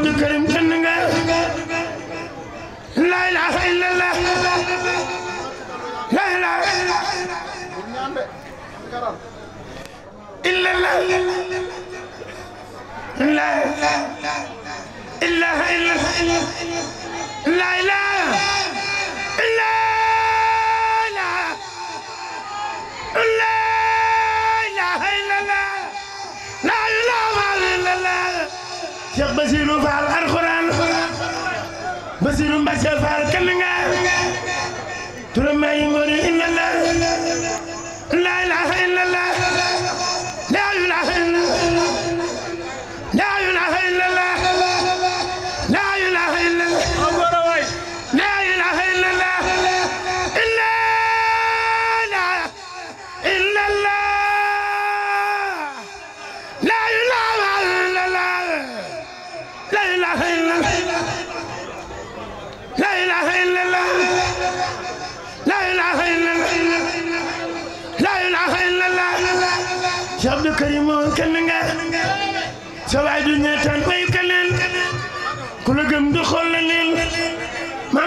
Abdou Karim kenn nga laa ilaaha illallah laa ilaaha illallah laa ilaaha illallah laa ilaaha illallah laa ilaaha illallah Cheikh Basirou Fall alxuraan Basirou Mbacké Fall kalinga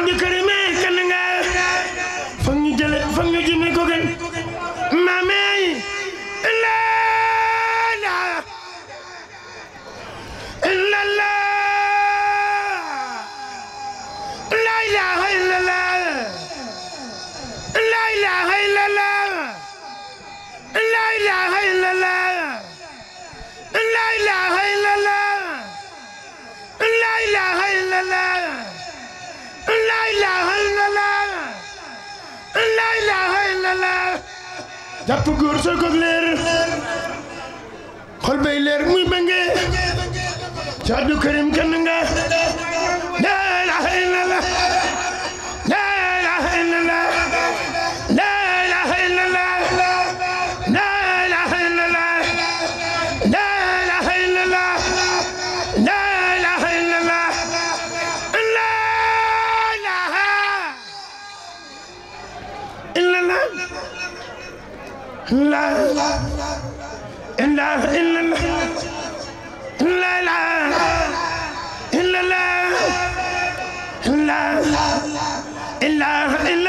am jëkkër jàpp góor soo ko leer xol bay leer muy bëngee ca Abdou Karim kenn nga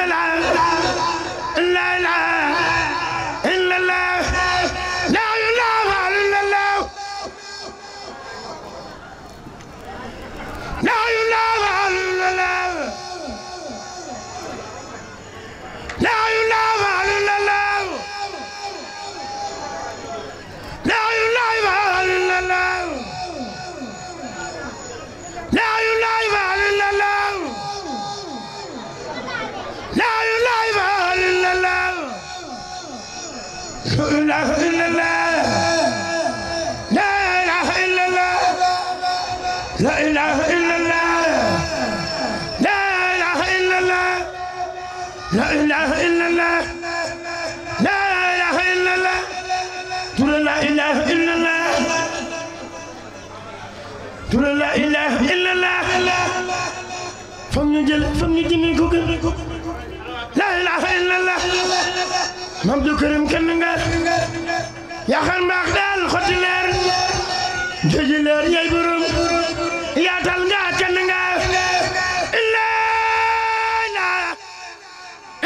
la la la la إلا الله لا إله إلا الله لا إله إلا الله لا إله إلا الله تقول لا إله إلا الله تقول لا إله إلا الله فم نجل فم نجمي لا إله إلا الله مبدو كريم كنغا يا خان ماخ دال خوتي لير جوجي لير ياي بروم yaatal nga kenn nga illa la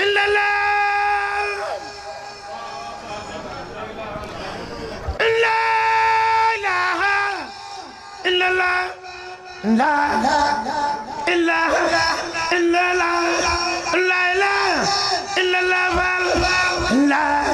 illa la illa la illa la la illa illa la la illa la la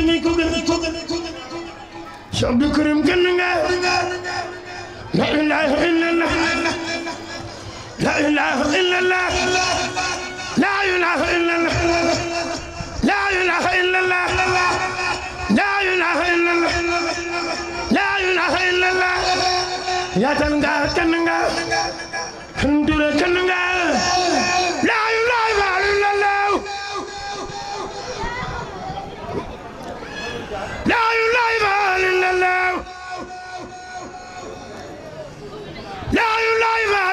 dangay ko gën ko gën ko gën Cheikh Abdou Karim gën nga la ilaha illallah la ilaha illallah la ilaha illallah la ilaha illallah la ilaha illallah la ilaha illallah ya tan nga tan nga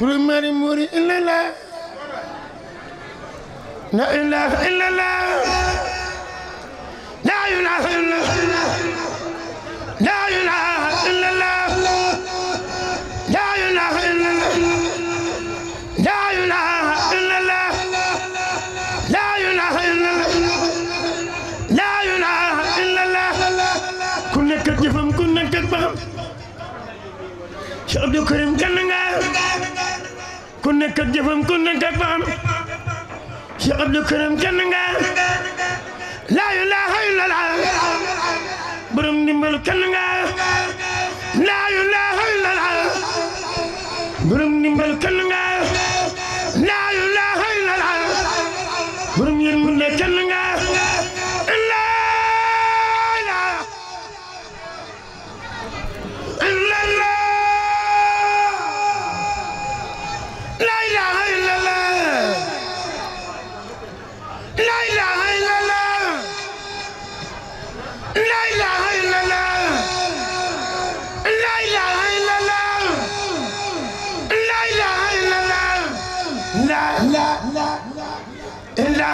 برمار موري إلا لا لا إله إلا الله لا إله إلا الله لا إله إلا الله لا إله إلا الله لا إله إلا الله لا إله إلا الله لا إله إلا الله كنا كتفهم كنا كتفهم شعب كريم كنا ku nekk ak jëfam ku nekk ak baam Cheikh Abdou Karim kenn nga laa ilaaha illallah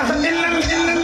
ilaha illa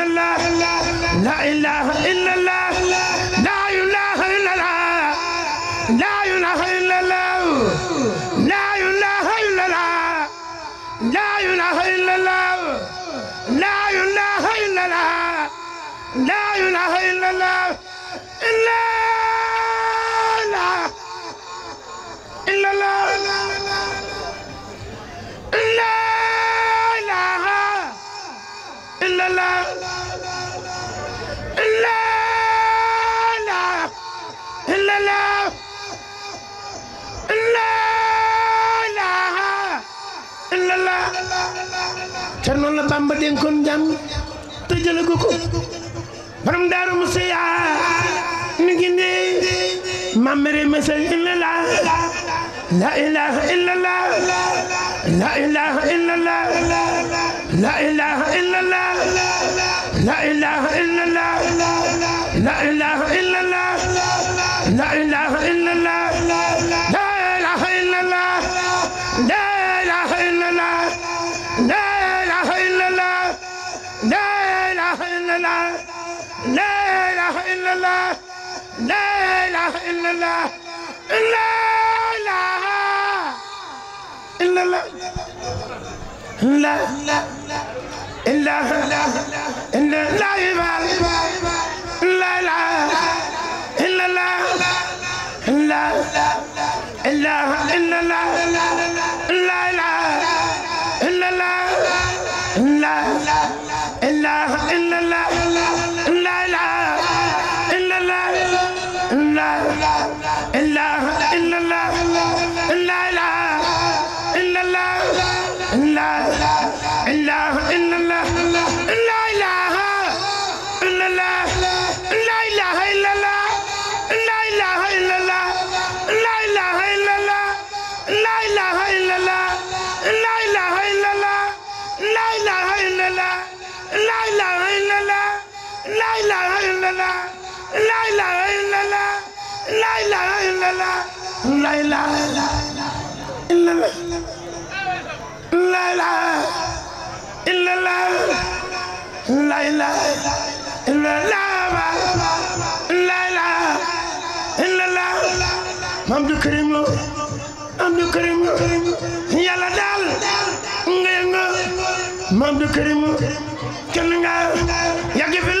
la ilaha illallah la ilaha illallah la ilaha illallah la ilaha illallah la ilaha illallah la ilaha illallah la ilaha illallah illallah illallah te noonu la Bamba dénkoon jàmm te jële ko ko borom daaru Musaa mi ngi ne mamere mesel illallah la ilaha illallah la ilaha illallah la ilaha illallah la ilaha illallah la ilaha illallah la ilaha إلا الله إلا إله إلا الله لا لا إلا إلا إلا لا إله إلا الله إلا الله إلا إلا إلا الله illallah la ilaha illallah la ilaha illallah la ilaha illallah la ilaha illallah Abdou Karim Lo Abdou Karim Lo yàlla daal nga yëngu Abdou Karim kenn nga yàgg fi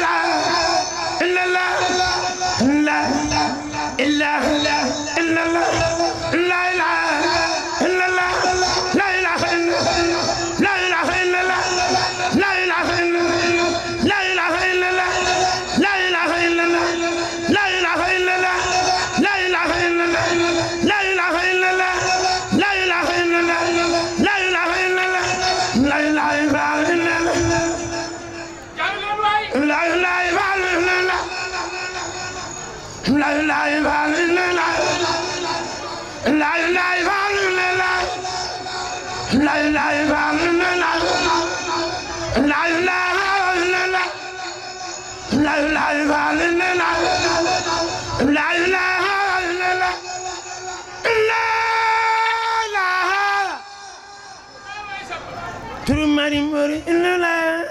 mori la la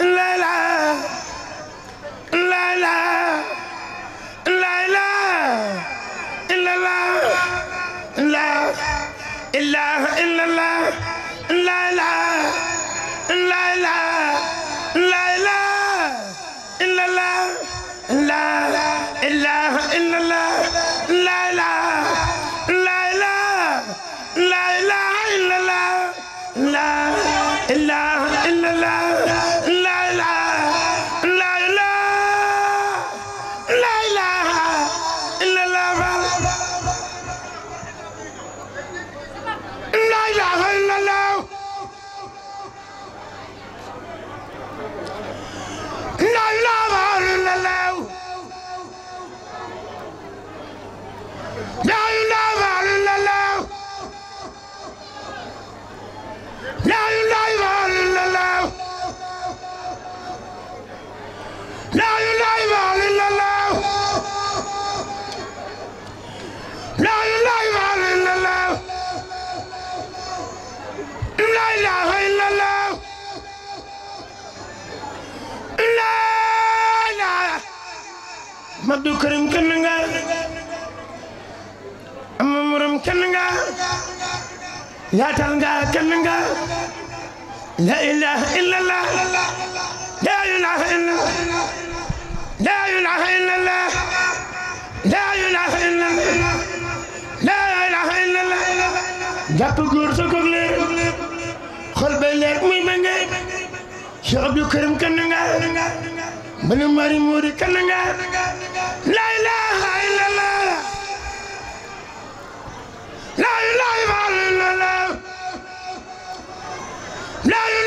la la la la la illa la la ilaha illa la la la la la la la illa la la ilaha illa la la la ilaha illallah yaatal nga kenn nga la ilaha illallah la ilaha illallah la ilaha illallah la ilaha illallah la ilaha illallah jàpp góor sa góor leer xol bay leer muy ba ngay Cheikh Abdou Karim kenn nga mbalu mari muuri kenn nga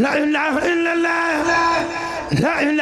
la ilaha illallah